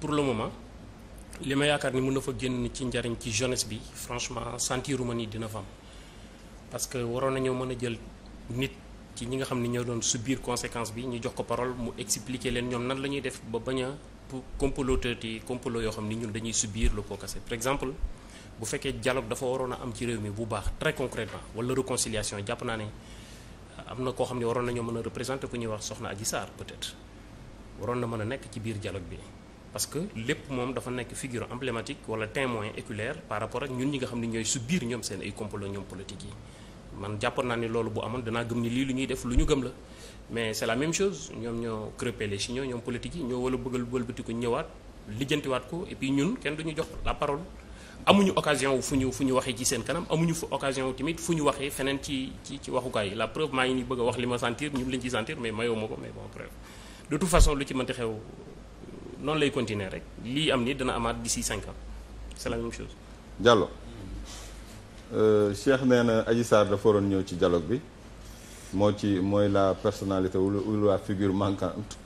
pour le moment li ma yaakaar ni mën na fa génn ci njariñ ci jeunesse bi franchement sentiruma ni dina fam am parce que waroon nañoo mën a jël nit ci ñi nga xam ni ñoo doon subir conséquence bi ñu jox ko parole mu expliquer leen ñoom nan la ñuy def ba bañ a comploteur ti complot yoo xam ni ñun dañuy subiir le pot cassé par exemple bu fekkee dialogue dafa waroon a am ci réew mi bu baax très concrètement wala réconciliation jàpp naa ne am na koo xam ne waroon nañoo mën a représenter ku ñuy wax soxna Adji Sarr peut-être waroon na mën a nekk ci biir dialogue bi parce que lépp moom dafa nekk figure emblématique wala témoin oculaire par rapport ak ñun ñi nga xam ne ñooy subir ñoom seen ay complot ñoom politique yi man jàppoon naa ni loolu bu amoon danaa gëm ni lii lu ñuy def lu ñu gëm la mais c'est la même chose ñoom ñoo crêpé les chignons ñoom politique yi ñoo wala bëggal wëlbati ko ñëwaat lijjantiwaat ko et puis ñun kenn duñu jox la parole amuñu occasion wu fu ñu fu ñu waxee ci seen kanam amuñu fu occasion tamit fu ñu waxee feneen ci ci ci waxukaay yi la preuve maa ngi ni bëgg a wax li ma sentir ñun lañ ci noonu lay continuer rek lii am ni dana amaat d'ici cinq ans c'est la chose. Diallo euh, Cheikh nee na Adji dafa waroon ñëw ci dialogue bi moo ci mooy la personnalité ou la figure manquante.